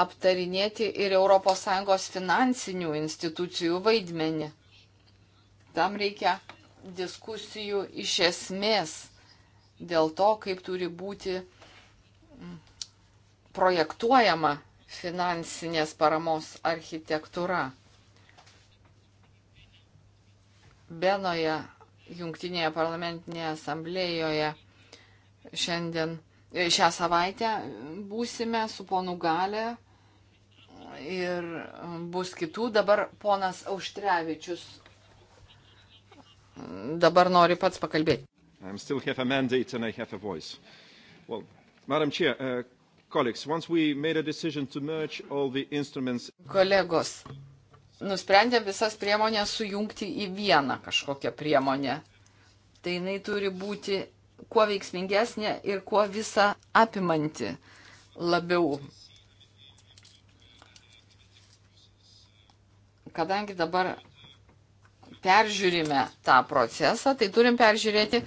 aptarinėti ir ES finansinių institucijų vaidmenį. Tam reikia diskusijų iš esmės dėl to, kaip turi būti mm, projektuojama finansinės paramos architektūra. Benoje, Jungtinėje parlamentinėje asamblėjoje šiandien šią savaitę būsime su ponu Galė, ir um, bus kitų. Dabar ponas Auštrevičius um, dabar nori pats pakalbėti. Well, Madam Chair, uh, colleagues, once we made a decision to merge all the instruments. Kolegos, nusprendėm visas priemonės sujungti į vieną kažkokią priemonę. Tai jinai turi būti kuo veiksmingesnė ir kuo visa apimanti labiau kadangi dabar peržiūrime tą procesą, tai turim peržiūrėti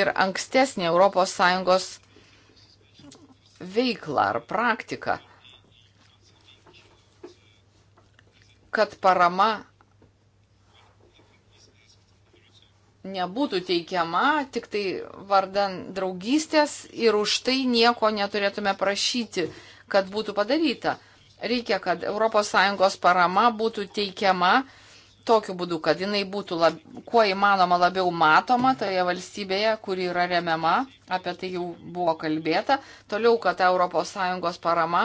ir ankstesnį ES veiklą ar praktiką, kad parama nebūtų teikiama tik tai vardan draugystės ir už tai nieko neturėtume prašyti, kad būtų padaryta. Reikia, kad ES parama būtų teikiama tokiu būdu, kad jinai būtų lab, kuo įmanoma labiau matoma toje valstybėje, kuri yra remiama, apie tai jau buvo kalbėta. Toliau, kad ES parama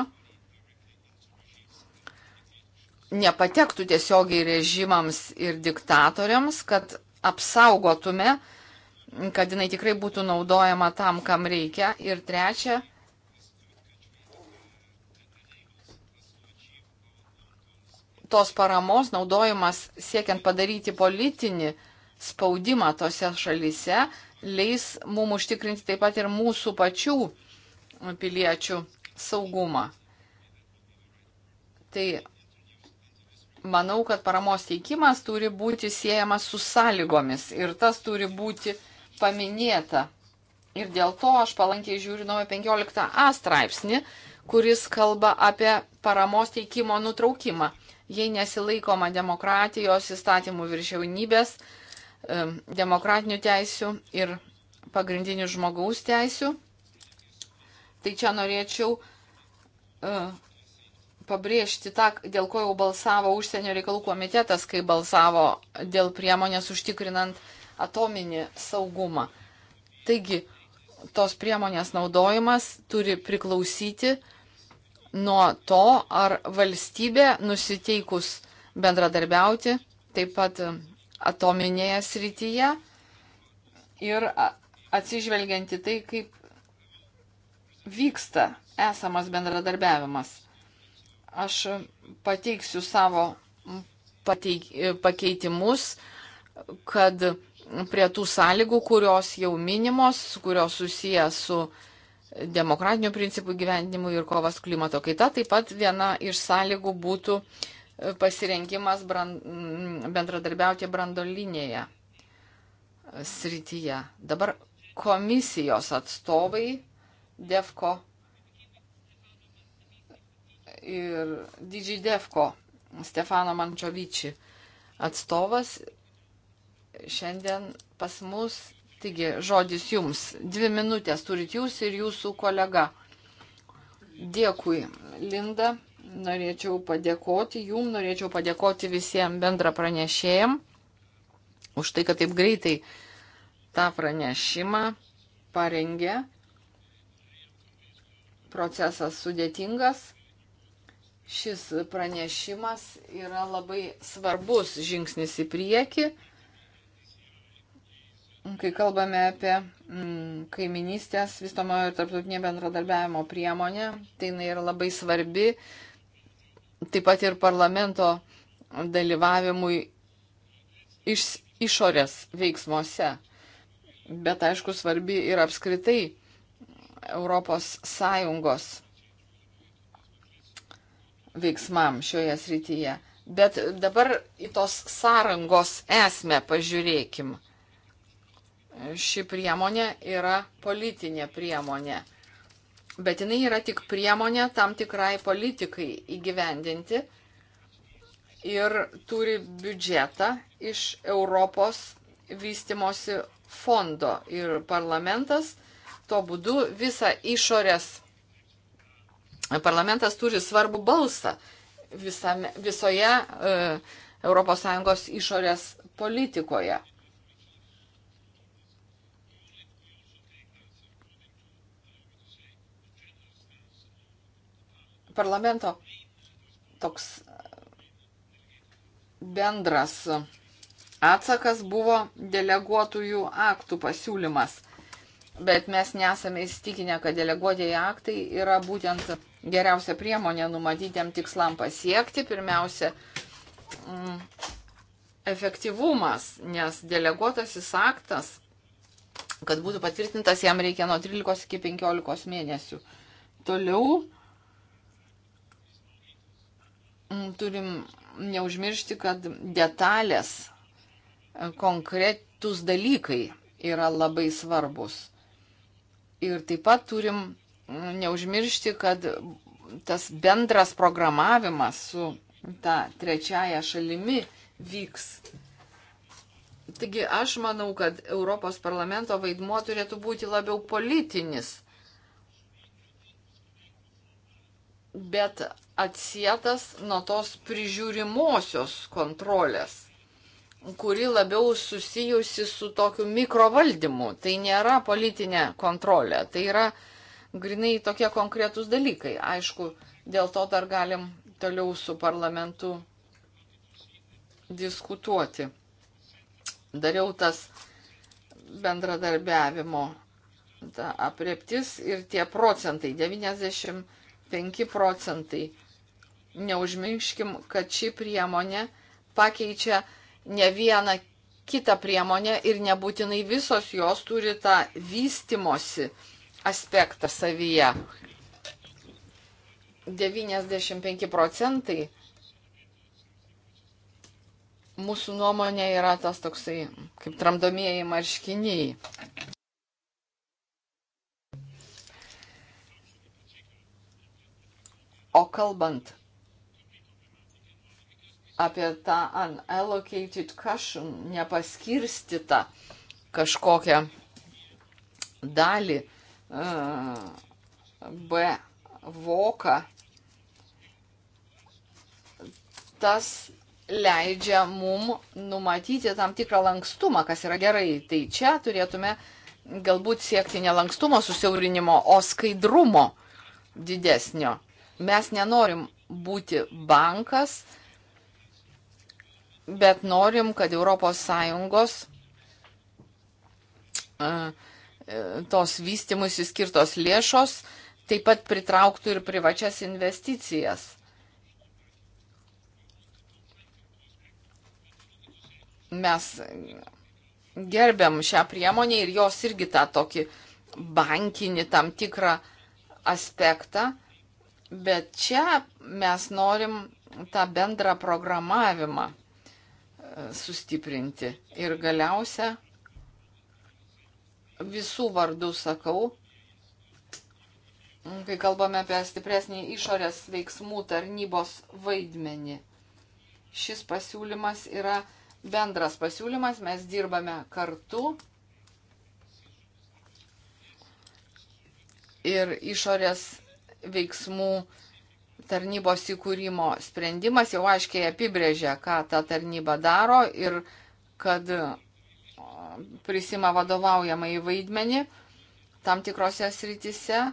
nepatektų tiesiogiai režimams ir diktatoriams, kad apsaugotume, kad jinai tikrai būtų naudojama tam, kam reikia. Ir trečia, tos paramos naudojimas siekiant padaryti politinį spaudimą tose šalise leis mums užtikrinti taip pat ir mūsų pačių piliečių saugumą. Tai manau, kad paramos teikimas turi būti siejamas su sąlygomis ir tas turi būti paminėta. Ir dėl to aš palankiai žiūriu naujo 15a straipsnį, kuris kalba apie paramos teikimo nutraukimą jei nesilaikoma demokratijos įstatymų viršiaunybės, e, demokratinių teisių ir pagrindinių žmogaus teisių. Tai čia norėčiau e, pabrėžti tą, dėl ko jau balsavo užsienio reikalų komitetas, kai balsavo dėl priemonės užtikrinant atominį saugumą. Taigi, tos priemonės naudojimas turi priklausyti nuo to, ar valstybė nusiteikus bendradarbiauti taip pat atominėje srityje ir atsižvelgianti tai, kaip vyksta esamas bendradarbiavimas. Aš pateiksiu savo pateik, pakeitimus, kad prie tų sąlygų, kurios jau minimos, kurios susijęs su demokratinių principų gyvendimui ir kovas klimato kaita. Taip pat viena iš sąlygų būtų e, pasirengimas brand, bendradarbiauti brandolinėje e, srityje. Dabar komisijos atstovai DEFCO ir Didžiai DEFCO Stefano Mančiovičiai atstovas šiandien pas mus Taigi, žodis jums. Dvi minutės turit jūs ir jūsų kolega. Dėkui, Linda. Norėčiau padėkoti jum, norėčiau padėkoti visiems bendra pranešėjim už tai, kad taip greitai tą pranešimą parengė. Procesas sudėtingas. Šis pranešimas yra labai svarbus žingsnis į priekį kai kalbame apie mm, kaiminystės vystomojo ir tarptautinio bendradarbiavimo priemonę, tai jinai yra labai svarbi, taip pat ir parlamento dalyvavimui iš, išorės veiksmuose. Bet aišku, svarbi ir apskritai Europos Sąjungos veiksmam šioje srityje. Bet dabar į tos sąrangos esmę pažiūrėkim ši priemonė yra politinė priemonė. Bet jinai yra tik priemonė tam tikrai politikai įgyvendinti ir turi biudžetą iš Europos vystimosi fondo. Ir parlamentas tuo būdu visą išorės. Parlamentas turi svarbų balsą visame, visoje e, ES išorės politikoje. parlamento toks bendras atsakas buvo deleguotųjų aktų pasiūlymas. Bet mes nesame įstikinę, kad deleguotieji aktai yra būtent geriausia priemonė numatytėm tikslam pasiekti. Pirmiausia, mm, efektyvumas, nes deleguotasis aktas, kad būtų patvirtintas, jam reikia nuo 13 iki 15 mėnesių. Toliau turim neužmiršti, kad detalės, e, konkretus dalykai yra labai svarbus. Ir taip pat turim neužmiršti, kad tas bendras programavimas su ta trečiaja šalimi vyks. Taigi aš manau, kad Europos parlamento vaidmuo turėtų būti labiau politinis bet atsietas nuo tos prižiūrimosios kontrolės, kuri labiau susijusi su tokiu mikrovaldymu. Tai nėra politinė kontrolė, tai yra grinai tokie konkretūs dalykai. Aišku, dėl to dar galim toliau su parlamentu diskutuoti. Dariau tas bendradarbiavimo ta apreptis ir tie procentai 90 5 procentai. Neužmirškim, kad ši priemonė pakeičia ne vieną kitą priemonę ir nebūtinai visos jos turi tą vystimosi aspektą savyje. 95 procentai mūsų nuomonė yra tas toksai kaip tramdomieji marškiniai. O kalbant apie tą unallocated cushion, nepaskirstytą kažkokią dalį e, B voką, tas leidžia mum numatyti tam tikrą lankstumą, kas yra gerai. Tai čia turėtume galbūt siekti nelankstumo susiaurinimo, o skaidrumo didesnio. Mes nenorim būti bankas, bet norim, kad ES e, e, tos vystimus įskirtos lėšos taip pat pritrauktų ir privačias investicijas. Mes gerbiam šią priemonę ir jos irgi tą tokį bankinį tam tikrą aspektą. Bet čia mes norim tą bendrą programavimą e, sustiprinti. Ir galiausia, visų vardų sakau, kai kalbame apie stipresnį išorės veiksmų tarnybos vaidmenį. Šis pasiūlymas yra bendras pasiūlymas, mes dirbame kartu. Ir išorės veiksmų tarnybos įkūrimo sprendimas jau aiškiai apibrėžia, ką ta tarnyba daro ir kad prisima vadovaujamą į vaidmenį tam tikrose sritise.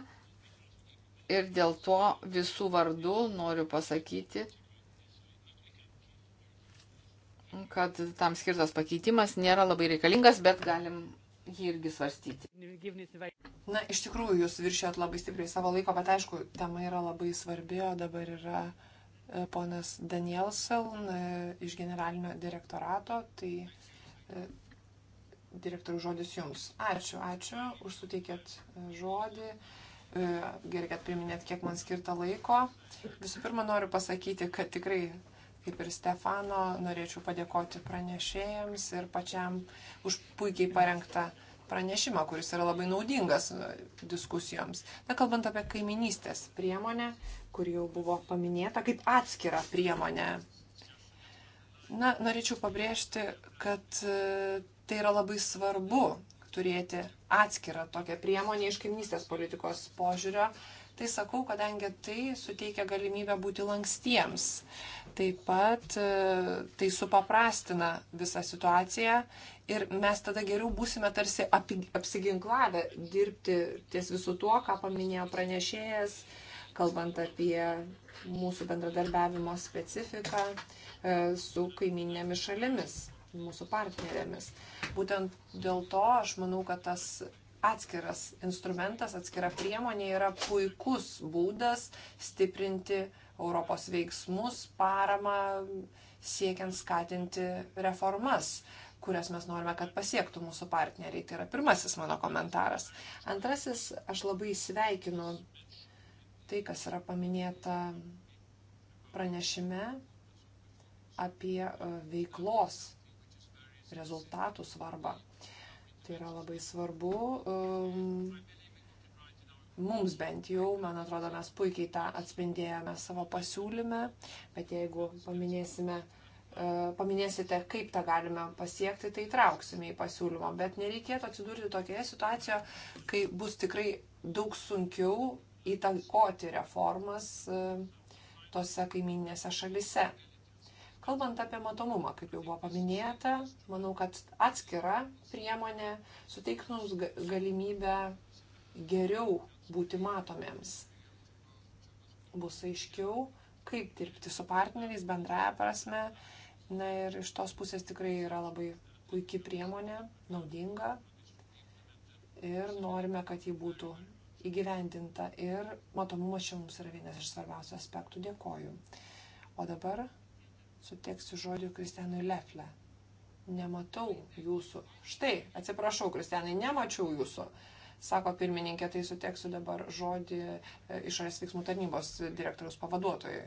Ir dėl to visų vardų noriu pasakyti, kad tam skirtas pakeitimas nėra labai reikalingas, bet galim jį irgi svarstyti. Na, iš tikrųjų, jūs viršėjot labai stipriai savo laiko, bet aišku, tema yra labai svarbi, o dabar yra e, ponas Danielson e, iš generalinio direktorato, tai e, direktorių žodis jums. Ačiū, ačiū, už suteikėt žodį gerai, kad priminėt, kiek man skirta laiko. Visų pirma, noriu pasakyti, kad tikrai kaip ir Stefano, norėčiau padėkoti pranešėjams ir pačiam už puikiai parengtą pranešimą, kuris yra labai naudingas e, diskusijoms. Na, kalbant apie kaiminystės priemonę, kur jau buvo paminėta kaip atskira priemonė. Na, norėčiau pabrėžti, kad e, tai yra labai svarbu turėti atskirą tokią priemonę iš kaiminystės politikos požiūrio, uh, Tai sakau, kadangi tai suteikia galimybę būti lankstiems. Taip pat e, tai supaprastina visą situaciją ir mes tada geriau būsime tarsi api, apsiginklavę dirbti ties visu tuo, ką paminėjo pranešėjas, kalbant apie mūsų bendradarbiavimo specifiką e, su kaiminėmis šalimis, mūsų partnerėmis. Būtent dėl to aš manau, kad tas atskiras instrumentas, atskira priemonė yra puikus būdas stiprinti Europos veiksmus, paramą siekiant skatinti reformas, kurias mes norime, kad pasiektų mūsų partneriai. Tai yra pirmasis mano komentaras. Antrasis, aš labai sveikinu tai, kas yra paminėta pranešime apie e, veiklos rezultatų svarbą. Uh, Tai yra labai svarbu. Um, mums bent jau, man atrodo, mes puikiai tą atspindėjome savo pasiūlyme, bet jeigu paminėsime, e, paminėsite, kaip tą galime pasiekti, tai trauksime į pasiūlymą. Bet nereikėtų atsidurti tokioje situacijoje, kai bus tikrai daug sunkiau įtakoti reformas e, tose kaiminėse šalise. Kalbant apie matomumą, kaip jau buvo paminėta, manau, kad atskira priemonė suteiks mums galimybę geriau būti matomiems. Bus aiškiau, kaip dirbti su partneriais bendraja prasme. Na ir iš tos pusės tikrai yra labai puikia priemonė, naudinga. Ir norime, kad ji būtų įgyvendinta. Ir matomumas čia mums yra vienas iš svarbiausių aspektų. Dėkoju. O dabar suteiksiu žodį Kristianui Lefle. Nematau jūsų. Štai, atsiprašau, Kristianai, nemačiau jūsų. Sako pirmininkė, tai suteiksiu dabar žodį e, išorės veiksmų tarnybos direktorius pavaduotojui.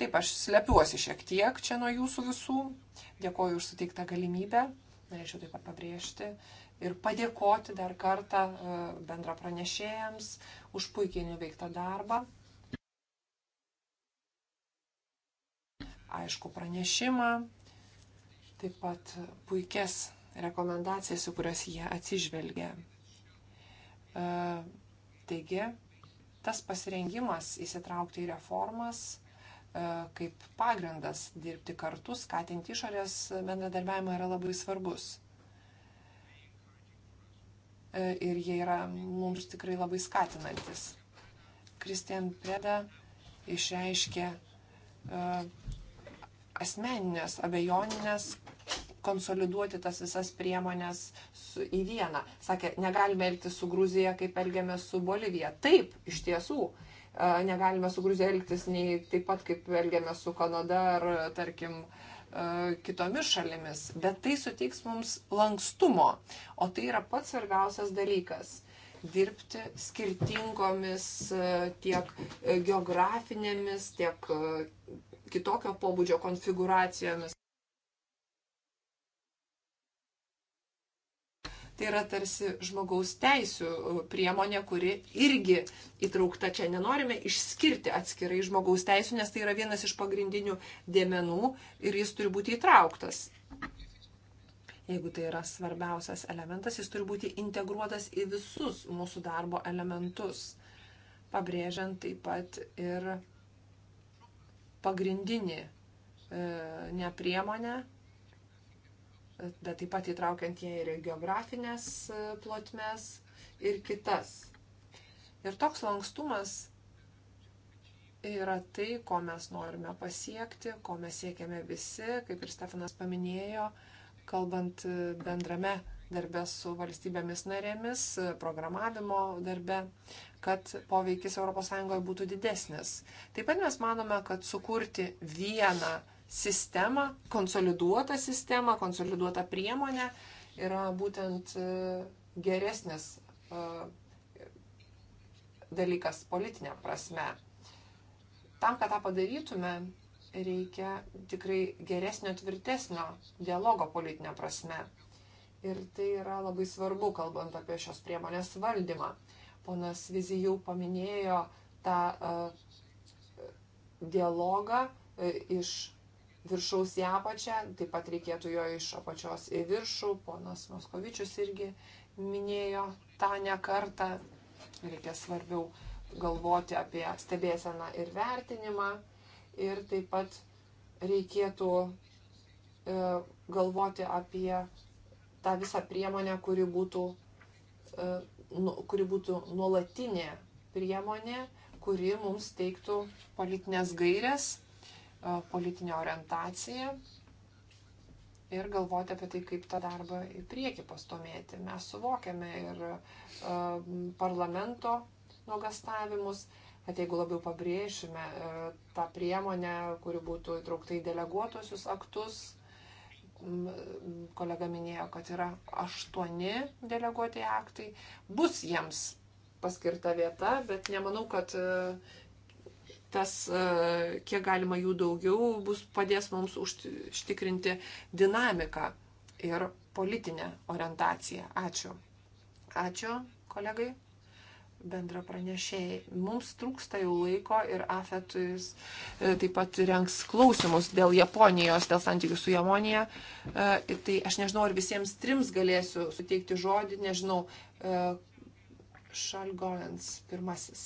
Taip, aš slepiuosi šiek tiek čia nuo jūsų visų. Dėkoju už suteiktą galimybę. Norėčiau taip pat pabrėžti ir padėkoti dar kartą e, bendra pranešėjams už puikiai nuveiktą darbą. aišku pranešimą, taip pat puikias rekomendacijas, į kurias jie atsižvelgia. E, taigi, tas pasirengimas įsitraukti į reformas e, kaip pagrindas dirbti kartu, skatinti išorės bendradarbiavimą yra labai svarbus. E, ir jie yra mums tikrai labai skatinantis. Kristian Preda išreiškė asmeninės, abejoninės, konsoliduoti tas visas priemonės su, į vieną. Sakė, negalime elgtis su Gruzija, kaip elgiamės su Bolivija. Taip, iš tiesų, e, negalime su Gruzija elgtis nei taip pat, kaip elgiamės su Kanada ar, tarkim, e, kitomis šalimis. Bet tai suteiks mums lankstumo. O tai yra pats svarbiausias dalykas dirbti skirtingomis e, tiek geografinėmis, tiek kitokio pobūdžio konfiguracijomis. Tai yra tarsi žmogaus teisų priemonė, kuri irgi įtraukta čia. Nenorime išskirti atskirai žmogaus teisų, nes tai yra vienas iš pagrindinių dėmenų ir jis turi būti įtrauktas. Jeigu tai yra svarbiausias elementas, jis turi būti integruotas į visus mūsų darbo elementus, pabrėžiant taip pat ir pagrindinį e, ne priemonę, bet taip pat įtraukiant ją ir geografinės e, plotmes ir kitas. Ir toks lankstumas yra tai, ko mes norime pasiekti, ko mes siekiame visi, kaip ir Stefanas paminėjo, kalbant e, bendrame darbę su valstybėmis narėmis, programavimo darbe kad poveikis ES būtų didesnis. Taip pat mes manome, kad sukurti vieną sistemą, konsoliduotą sistemą, konsoliduotą priemonę yra būtent e, geresnis e, dalykas politinė prasme. Tam, kad tą padarytume, reikia tikrai geresnio, tvirtesnio dialogo politinė prasme. Ir tai yra labai svarbu, kalbant apie šios priemonės valdymą. Ponas Vizi jau paminėjo tą e, dialogą e, iš viršaus į apačią, taip pat reikėtų jo iš apačios į viršų. Ponas Moskovičius irgi minėjo tą nekartą. Reikia svarbiau galvoti apie stebėseną ir vertinimą. Ir taip pat reikėtų e, galvoti apie tą visą priemonę, kuri būtų e, Nu, kuri būtų nuolatinė priemonė, kuri mums teiktų politinės gairias, politinę orientaciją ir galvoti apie tai, kaip tą darbą į priekį pastumėti. Mes suvokiame ir parlamento nuogastavimus, kad jeigu labiau pabrėšime tą priemonę, kuri būtų įtraukta į deleguotosius aktus, kolega minėjo, kad yra aštuoni deleguoti aktai, bus jiems paskirta vieta, bet nemanau, kad e, tas, e, kiek galima jų daugiau, bus padės mums užtikrinti dinamiką ir politinę orientaciją. Ačiū. Ačiū, kolegai bendra pranešėjai. Mums trūksta jau laiko ir Afetus e, taip pat renks klausimus dėl Japonijos, dėl santykių su Japonija. E, tai aš nežinau, ar visiems trims galėsiu suteikti žodį, nežinau. Šalgolens e, pirmasis.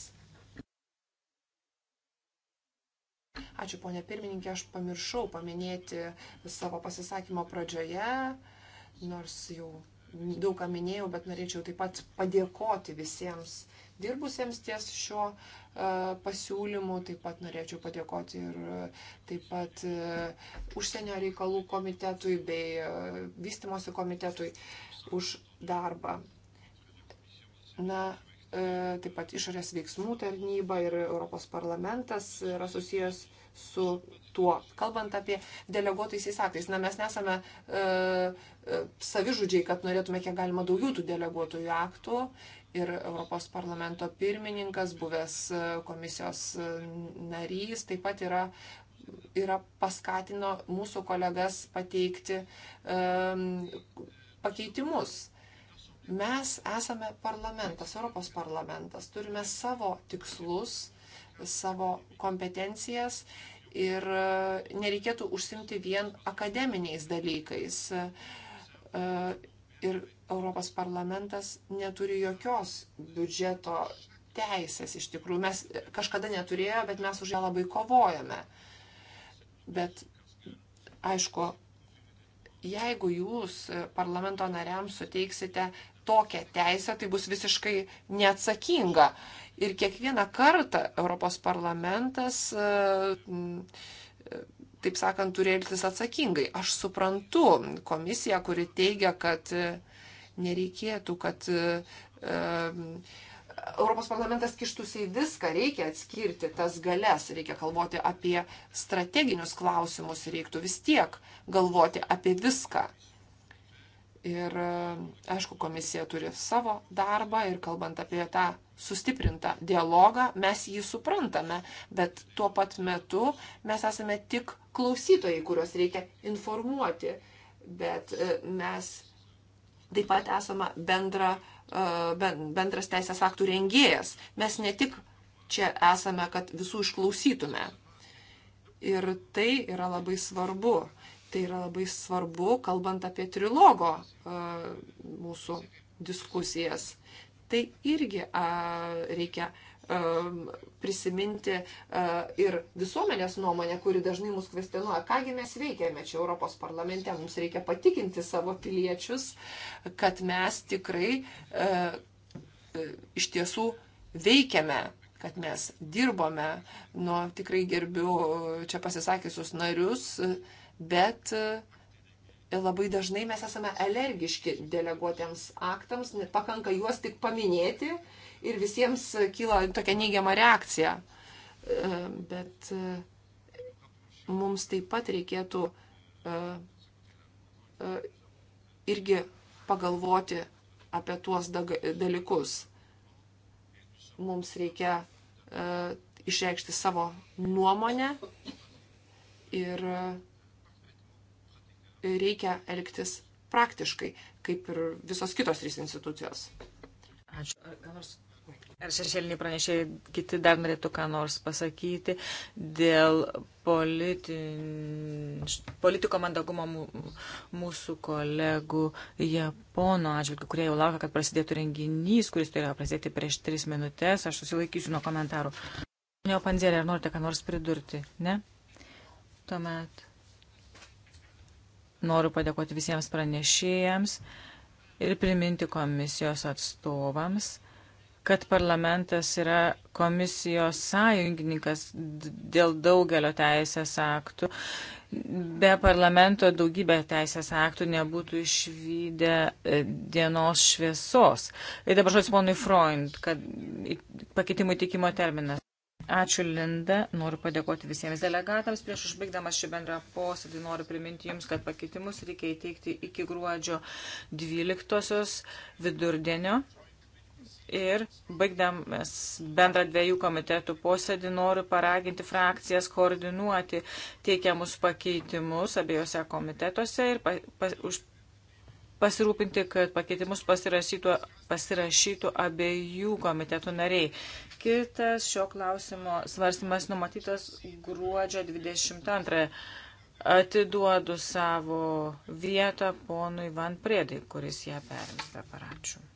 Ačiū, ponė pirmininkė, aš pamiršau paminėti savo pasisakymo pradžioje, nors jau daug ką minėjau, bet norėčiau taip pat padėkoti visiems dirbusiems ties šiuo e, pasiūlymu. Taip pat norėčiau padėkoti ir e, taip pat e, užsienio reikalų komitetui bei vystimosi komitetui už darbą. Na, taip pat išorės veiksmų tarnyba ir Europos parlamentas yra susijęs su tuo. Kalbant apie deleguotaisiais aktais, na mes nesame e, e, savižudžiai, kad norėtume kiek galima daugiau tų deleguotojų aktų. Ir Europos parlamento pirmininkas, buvęs e, komisijos e, narys, taip pat yra, yra paskatino mūsų kolegas pateikti e, pakeitimus. Mes esame parlamentas, Europos parlamentas, turime savo tikslus savo kompetencijas ir e, nereikėtų užsimti vien akademiniais dalykais. E, ir Europos parlamentas neturi jokios biudžeto teisės iš tikrųjų. Mes kažkada neturėjo, bet mes už ją labai kovojame. Bet aišku, jeigu jūs parlamento nariams suteiksite tokią teisę, tai bus visiškai neatsakinga. Ir kiekvieną kartą Europos parlamentas, taip sakant, turi elgtis atsakingai. Aš suprantu komisiją, kuri teigia, kad nereikėtų, kad e, Europos parlamentas kištųsi į viską, reikia atskirti tas galės, reikia galvoti apie strateginius klausimus, reiktų vis tiek galvoti apie viską. Ir e, aišku, komisija turi savo darbą ir kalbant apie tą sustiprintą dialogą, mes jį suprantame, bet tuo pat metu mes esame tik klausytojai, kuriuos reikia informuoti, bet e, mes taip pat esame bendra, e, bendras teisės aktų rengėjas. Mes ne tik čia esame, kad visų išklausytume. Ir tai yra labai svarbu Tai yra labai svarbu, kalbant apie trilogo e, mūsų diskusijas. Tai irgi e, reikia e, prisiminti ir visuomenės nuomonę, kuri dažnai mus kvestionuoja, kągi mes veikiame čia Europos parlamente, mums reikia patikinti savo piliečius, kad mes tikrai iš tiesų veikiame kad mes dirbome, nu, tikrai gerbiu čia pasisakysius narius, uh, bet e, labai dažnai mes esame alergiški deleguotiems aktams, pakanka juos tik paminėti ir visiems kyla tokia neigiama reakcija. E, bet e, mums taip pat reikėtų irgi pagalvoti apie tuos dalykus. Mums reikia išreikšti savo nuomonę ir uh, reikia elgtis praktiškai, kaip ir visos kitos trys institucijos. Ačiū. Ar, nors... ar šešėliniai pranešėjai kiti dar norėtų ką nors pasakyti dėl politin... politiko mandagumo mūsų kolegų Japono atžvilgių, kurie jau laukia, kad prasidėtų renginys, kuris turėjo prasidėti prieš tris minutės. Aš susilaikysiu nuo komentarų. Neo Panzerė, ar norite ką nors pridurti? Ne? Tuomet Noriu padėkoti visiems pranešėjams ir priminti komisijos atstovams, kad parlamentas yra komisijos sąjungininkas dėl daugelio teisės aktų. Be parlamento daugybė teisės aktų nebūtų išvykę e, dienos šviesos. Ir tai dabar žodis ponui Freund, kad pakeitimų teikimo terminas. Ačiū, Linda. Noriu padėkoti visiems delegatams. Prieš užbaigdamas šį bendrą posėdį noriu priminti Jums, kad pakeitimus reikia įteikti iki gruodžio 12 vidurdienio. Ir baigdamas bendrą dviejų komitetų posėdį noriu paraginti frakcijas koordinuoti teikiamus pakeitimus abiejose komitetuose ir pa, pa, už, pasirūpinti, kad pakeitimus pasirašytų, pasirašytų abiejų komitetų nariai. Kitas šio klausimo svarstymas numatytas gruodžio 22. Atiduodu savo vietą ponui Van Priedai, kuris ją perims be paračių.